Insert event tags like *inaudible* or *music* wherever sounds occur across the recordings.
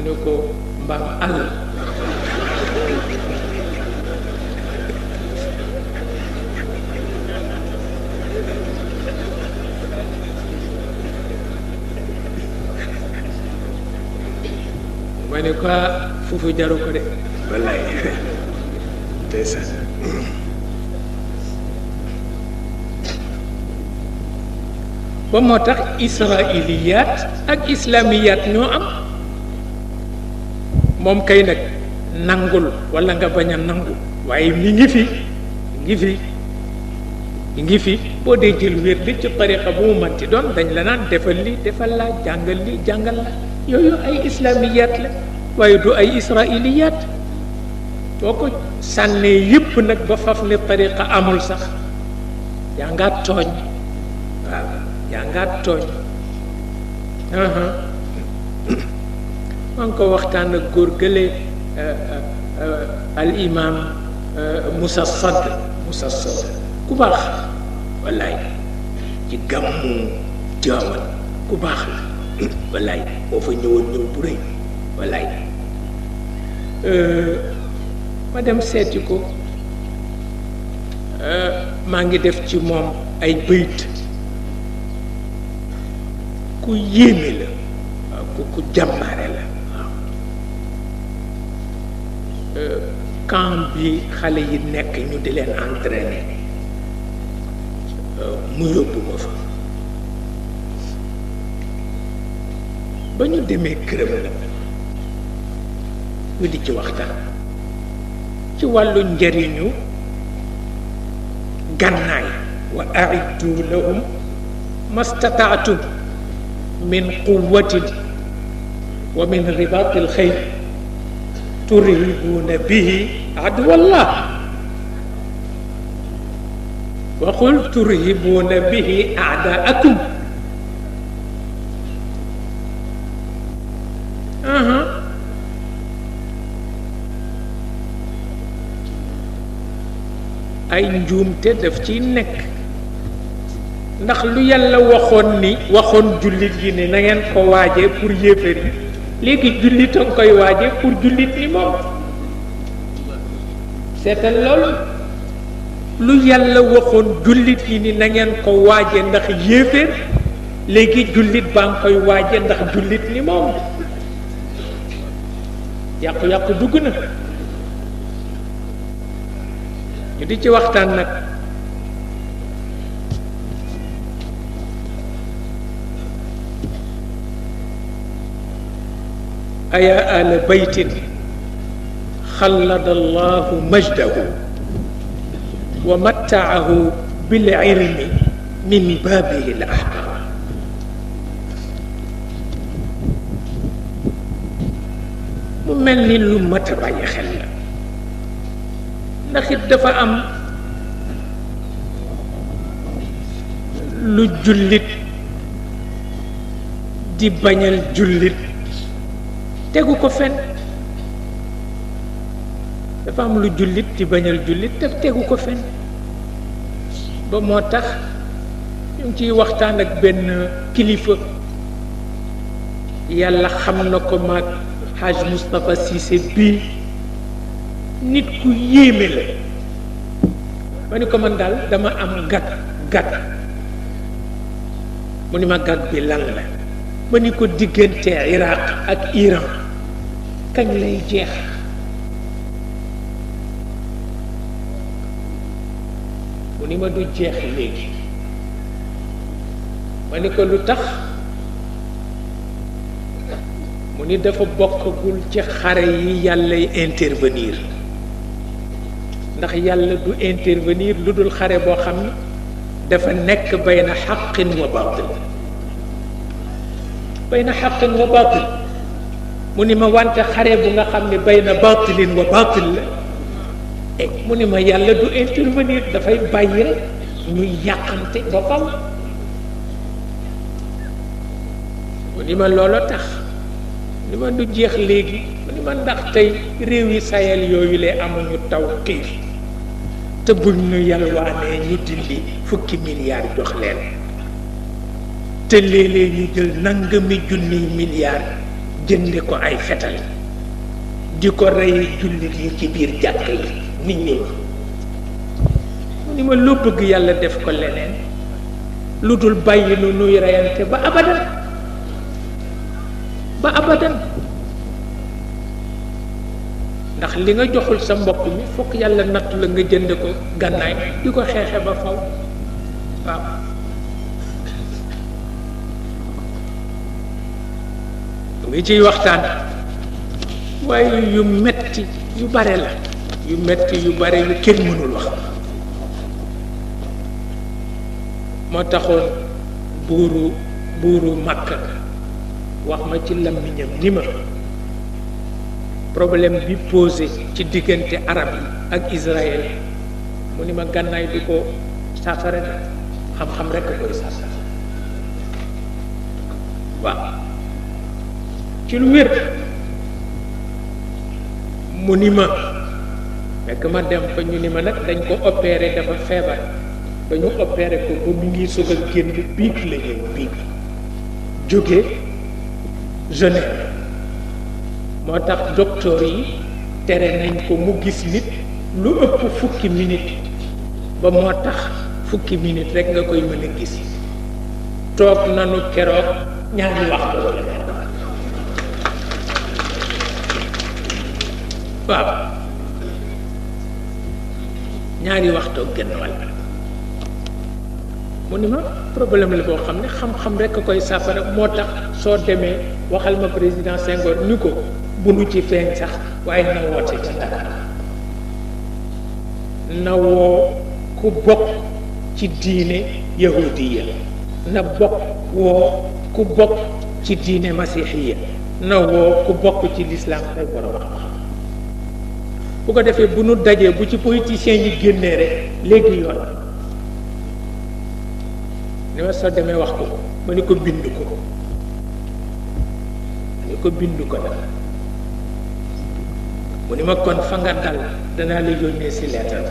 mu ne ko ah, foofu jaru ko de ba moo tax israiliyaat ak islaamiyaat ñoo am moom kay nag nangul wala nga bañ nangu waaye mi ngi fi ngi fi ngi fi boo dee jël wér li ci tariqa bu mu ci doon dañ la naan defal li defal la jàngal li jàngal la yooyu ay islamiyaat la waaye du ay israiliyaat boo ko sànnee yépp nag ba faf ne tariqa amul sax yaa ngaa tooñ waaw yaa ngaa tooñ maa ngi ko waxtaan ak góor gële euh, euh, al imam euh, Moussa Sadd Moussa Sadd ku baax wallaay ci gàmmu jaawan ku baax la wallaay boo fa ñëwoon ñëw bu rëy wallaay ma dem seeti ko maa ngi def ci moom ay bëyit ku yéeme la ku ku jàmbaare la camp bi xale yi nekk ñu di leen entraîner euh, mu yóbbu fa ba ñu demee këram la ñu di ci waxtaan ci wàllu njariñu gànnaay wa aiddu lahum mastataatum min quwatin wa min ribatil xayl turhibuuna bihi aduwallah waxul turhibuuna bihi aadaakum ay njuumte def ciy nekk ndax lu yàlla waxoon ni waxoon jullit yi ne na ko waajee pour yéefar léegi jullit a nga koy waaje pour jullit ni moom seetal loolu lu yàlla waxoon jullit yi ni na ngeen ko waaje ndax yéeféer léegi jullit baa nga koy waaje ndax jullit ni moom yàqu-yàqu dugg na ñu di ci waxtaan nag ayaa ala baytin xallada allahu majdahu wa mattaahu bil ilmi min baabihi l ahqar mu mel ni lu mat a bàyyi xel la ndax it dafa am lu jullit di bañal jullit tegu ko fenn dafa am lu jullit di bañal jullit te tegu ko fenn ba moo tax ñu ngi ciy waxtaan ak benn kilifa yàlla xam na ko maag Haj Moustapha Cissé bii nit ku yéeme la ma ni ko mën daal dama am gàtt gàtt mu ni ma gàtt bi lan la ma ni ko diggante Iraq ak Iran kañ lay jeex mu ni ma du jeex léegi ma ni ko lu tax mu ni dafa bokkagul ci xare yi yàllay intervenir ndax yàlla du intervenir lu dul xare boo xam ne dafa nekk bayna xaqin wa baatil bayna xaqin wa baatil mu ni ma wante xare bu nga xam ne bay na baatilin wa baatil la e mu ni ma yàlla du intervenir dafay bàyyi rek ñuy yàqante ba faw mu ni ma loolo tax ni ma du jeex léegi mu ni ma ndax tey réew yi sayal yooyu lee amuñu taw xiir te buñ ñu yalwaanee ñu dindi fukki milliards jox leen te léeg-léeg ñu jël nangami junniy milliards jënde ko ay fetal di ko rey jullit yi ci biir jàkk yi nit ñi mu ni ma loo bëgg yàlla def ko leneen lu dul bàyyi nu nuy reyante ba abadan ba abadan ndax li nga joxul sa mbokk mi fokk yàlla nattu la nga jënd ko gànnaay di ko xeexe ba faw waaw ngi ciy waxtaan waaye yu metti yu bare la yu metti yu bare yu kenn mënul wax moo taxoon buuru buuru Makka wax ma ci làmmiñam ni ma problème bi posé ci diggante arab yi ak Israël mu ni ma gànnaay bi ko saafara xam-xam rekk koy saafara waaw ci lu wér mu ni ma fekk ma dem fa ñu ni ma nag dañ ko opéré dafa feebar dañu opéré ko ba mu ngi soog a génn biig la biig jóge Genève moo tax docteur yi tere nañ ko mu gis nit lu ëpp fukki minute ba moo tax fukki minute rek nga koy mën a gis toog nanu keroog ñaari waxtu wala waaw ñaari waxtoo gën wàll mu ni ma problème la boo xam ne xam-xam rek a koy saafara moo tax soo demee waxal ma président Senghor ñu ko bu nu ci feeñ sax waaye na woote ci Dakar na ku bokk ci diine yahudiya na bokk woo ku bokk ci diine masihiya na woo ku bokk ci lislaam ay borom bu ko defee bu nu dajee bu ci politiciens yi génnee rek léegi yoon ni ma soo demee wax ko ma ni ko bind ko ma ni ko bind ko nag mu ni ma kon fa nga dal danaa la yónnee si leetal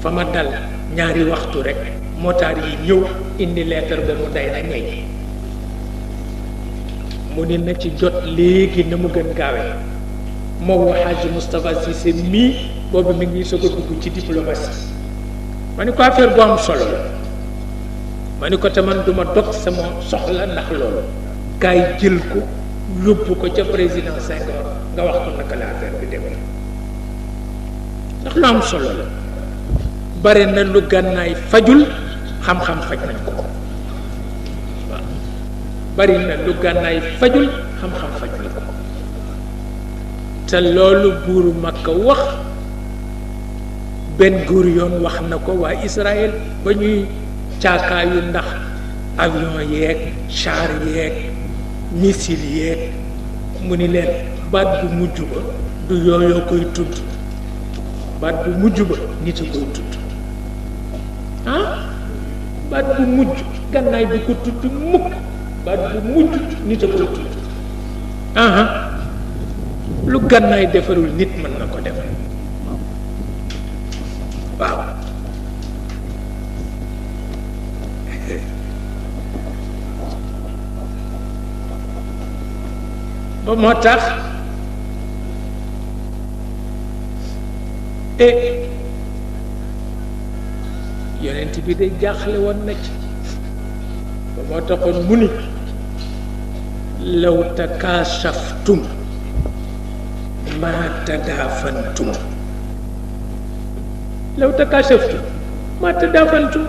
fa ma dal ñaari waxtu rek motaar yi ñëw indi leetar ba mu day na mu ni na ci jot léegi na mu gën gaawee moo woo Hadj Moustapha Cissé mii boobu mi ngi soog a dugg ci diplomatie ma ni ko affaire bu am solo la ma ni ko te man du ma dog sama soxla ndax loolu kaay jël ko yóbbu ko ca président Senghor nga wax ko naka la affaire bi demee ndax lu am solo la bari na lu gànnaay fajul xam-xam faj nañ ko waaw bari na lu gànnaay fajul xam-xam faj na ko te loolu buuru Makka wax benn góor yoon wax na ko waa Israël ba ñuy caakaayu ndax avion yeeg char yeeg missile yeeg mu ni leen baat bu mujj ba du yooyoo koy tudd baat bu mujj ba nit a koy tudd ah baat bu mujj gannaay bi ko tudd mukk baat bu mujj nit a koy tudd ah ah. lu gànnaay defarul nit mën na ko defar waaw ba moo tax e yonent bi day jaaxle woon na ci ba moo taxoon mu ni law takaasaftum ما تدافنتم لو تكاشفتم ما تدافنتم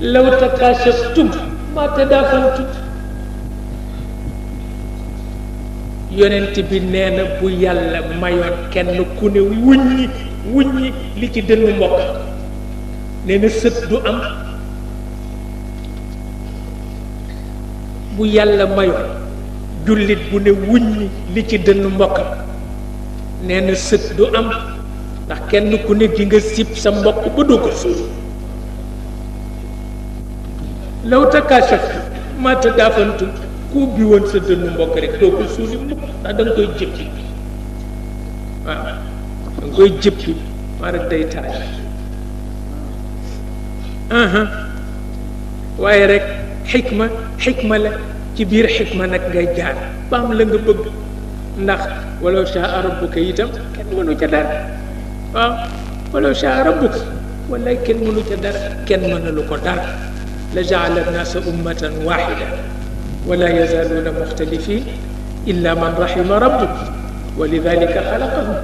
لو تكاشفتم ما yonent bi nee na bu yàlla mayoon kenn ku ne wuññi wuññi li ci dënnu mbokk nee na sët du am bu yàlla mayoon jullit bu ne wuññi li ci dënn mbokk nee na sët du am ndax kenn ku ne di nga sib sa mbokk ba du ko suuf law takashaftu ma tadaafantu ku ubbi woon sa dënn mbokk rek doo ko suuli mukk ndax da koy jëppi waaw da nga koy jëppi maa rek day taay waaye rek xikma xikma la ci biir xikma nag ngay jaar ba am la nga bëgg ndax walaw shaa rabbuka itam kenn mënu ca dara waaw walaw shaa rabbuka wallaay kenn mënu ca dara kenn mënalu ko dara la jaala naasa ummatan waxida wala yazaaluuna muxtalifin illa man rahima rabbuk wa lidalika xalaqahum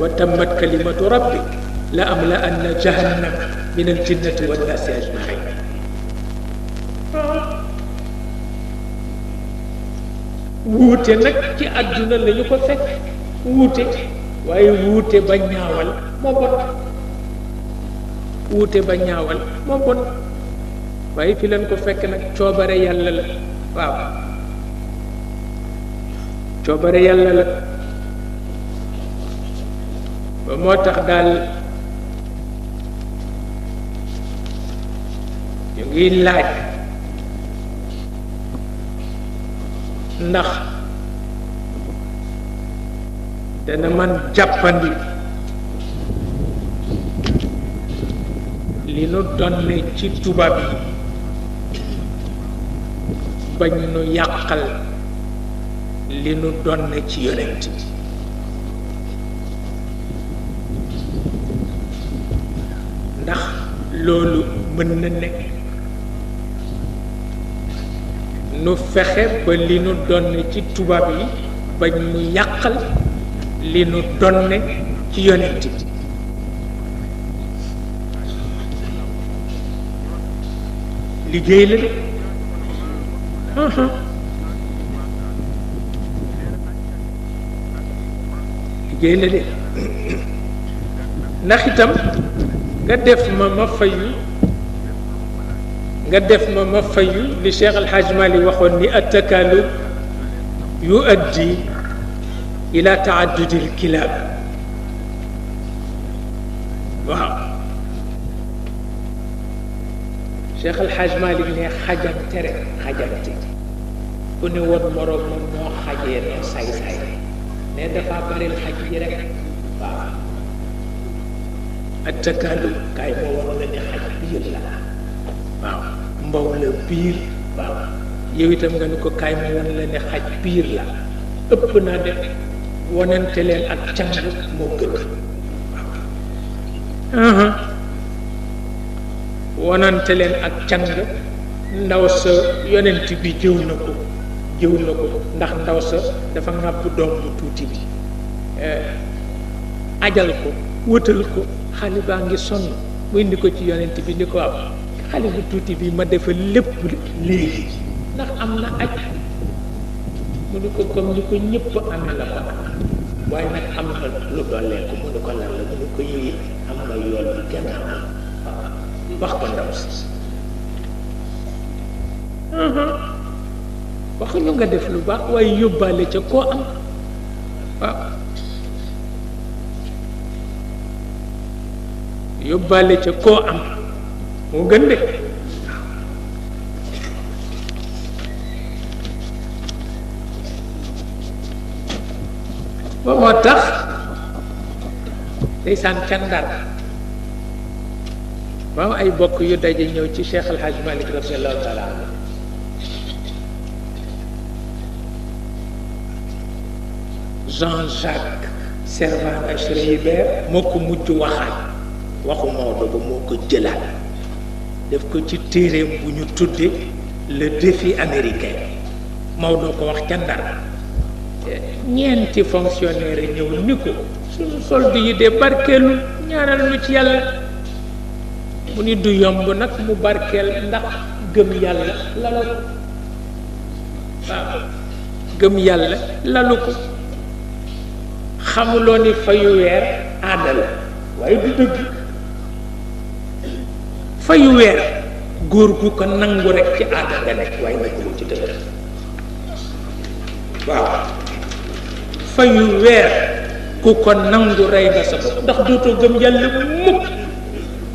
wa tammat kalimatu rabbik la amla anna jahannam min aljinnati wannaasi ajmain wuute nag ci àdduna la ñu ko fekk wuute waaye wuute ba ñaawal moo bon wuute ba ñaawal moo bon waaye fi leen ko fekk nag coobare yàlla la waaw coobare yàlla la ba moo tax daal ñu ngi laaj ndax dana man jàppandi li nu donne ci tubaab yi bañ nu yàqal li nu donne ci yonent ndax loolu mën na nekk nu fexe ba li nu donne ci tubaab yi bañ nu yàqal li nu donne ci yonent bi liggéey la de uh-huh. liggéey la de *coughs* ndax itam nga def ma ma fayu nga def ma ma fayu li Cheikh Al Hadj Mali waxoon ni attakaalu yu addi ila taaddudil kilaab waaw Cheikh Al Hadj Mali ne xajante rek xajante ku ne woon moroom moom moo xajee noo say-say ne dafa baril xaj yi rek waaw attakaalu kaay moo waroon a ne xaj bi yëpp la. waaw mbaw la piir waaw yow itam nga ni ko kaay ma wan la ne xaj piir la ëpp naa de wonante leen ak càng moo gën wonante leen ak càng ndaw sa yonent bi jëw na ko jëw na ko ndax ndaw sa dafa ŋàpp doom bu tuuti bi eh, ajal ko wëtal ko xale baa ngi sonn mu indi ko ci yonent bi ni ko waaw xale bu tuuti bi ma defal lépp léegi ndax am na aj mu ne ko comme ni ko ñëpp amee la ko am na lu mu ne na yoon bi wax ko uh-huh. nga def lu baax waaye yóbbaale ca koo am yóbbaale ca koo am moo gën de ba moo tax ndeysaan ca Ndar maam ay bokk yu daje ñëw ci Cheikh Al Hadj Malick radiallahu Jean-Jacques Servan Schreiber moo ko mujj waxaat waxu Maodo ba moo ko jëlaat def ko ci téereem bu ñu tudde le défi américain Maodo ko wax ca Ndar ñeenti fonctionnaire ñëw ni ko suñu solde yi de barkeelu ñaanal lu ci yàlla mu ni du yomb nag mu barkeel ndax gëm yàlla lalu ko waaw gëm yàlla lalu ko xamuloo ni fayu weer aada waaye du dëgg fayu weer góor gu ko nangu rek ci aada nga nekk waaye nag ci dëgg waaw fayu weer ku ko nangu rey nga sa bopp ndax dootoo gëm yàlla mukk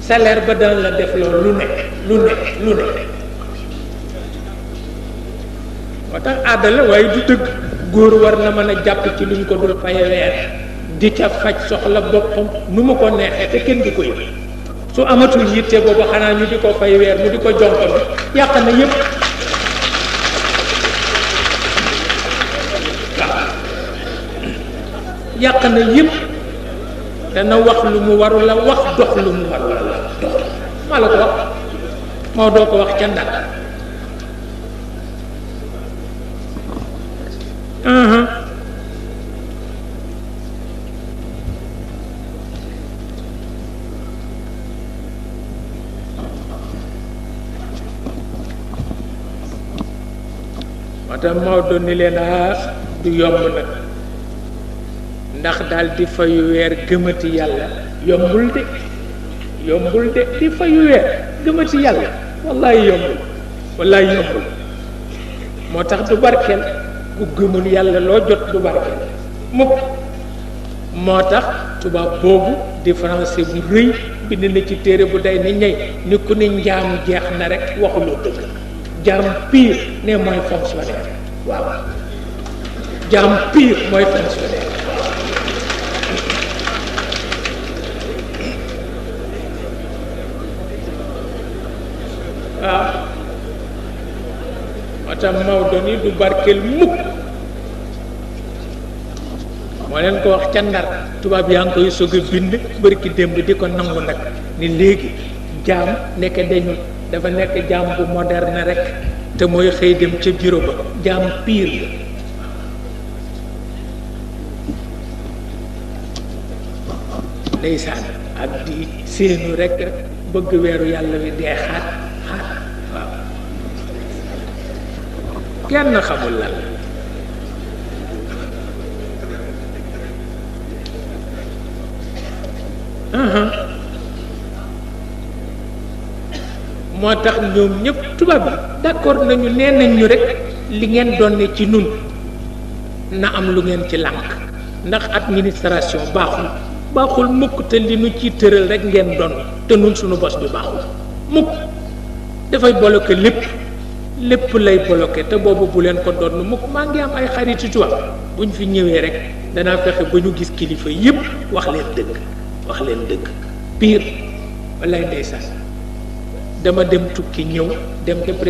salaire ba daan la def loolu lu lu nekk lu nekk moo tax aada la waaye du dëgg góor war na mën a jàpp ci luñ ko dul faye weer di ca faj soxla boppam nu mu ko neexee te kenn du ko yëg su amatul yitte boobu xanaa ñu di ko fay weer ñu di ko jonko bi yàq na yépp yàq na yépp dana wax lu mu warul la wax dox lu mu warul la la ko wax moo doo ko wax ca ndar tax Maodo ni leen ah du yomb nag ndax daal di fayu weer gëmati yàlla yombul de yombul de di fayu weer gëmati yàlla wallaay yombul wallaay yombul moo tax du barkeel ku gëmul yàlla loo jot du barkeel mukk moo tax tubaab boobu di français bu rëy bind na ci téere bu day ni ñey ni ku ne njaam jeex na rek waxuloo dëgg jàmm pire ne mooy fonctionnaire waaw waaw ah. moo tax Maodo ni du barkeel mukk moo leen ko wax ca Ndar tubaab yaa ngi koy soog bind bërki démb di ko nangu nag ni léegi jaam nekk dañu dafa nekk jaam bu moderne rek te mooy xëy dem ca bureau ba jaam la ndeysaan ak di séenu rek bëgg weeru yàlla wi dee xaat xaat waaw kenn xamul lan la moo tax ñoom ñëpp tubaab bi d'accord nañu nee nañ ñu rek li ngeen doon ne ci nun na am lu ngeen ci lànk ndax administration baaxul baaxul mukk te li nu ci tëral rek ngeen doon te nun suñu bos bi baaxul mukk dafay bloqué lépp lépp lay bloqué te boobu bu leen ko doon mukk maa ngi am ay xaritu tubaab bu ñu fi ñëwee rek danaa fexe ba ñu gis kilifa yépp wax leen dëgg wax leen dëgg pire wallaay ndeysaan dama dem tukki ñëw dem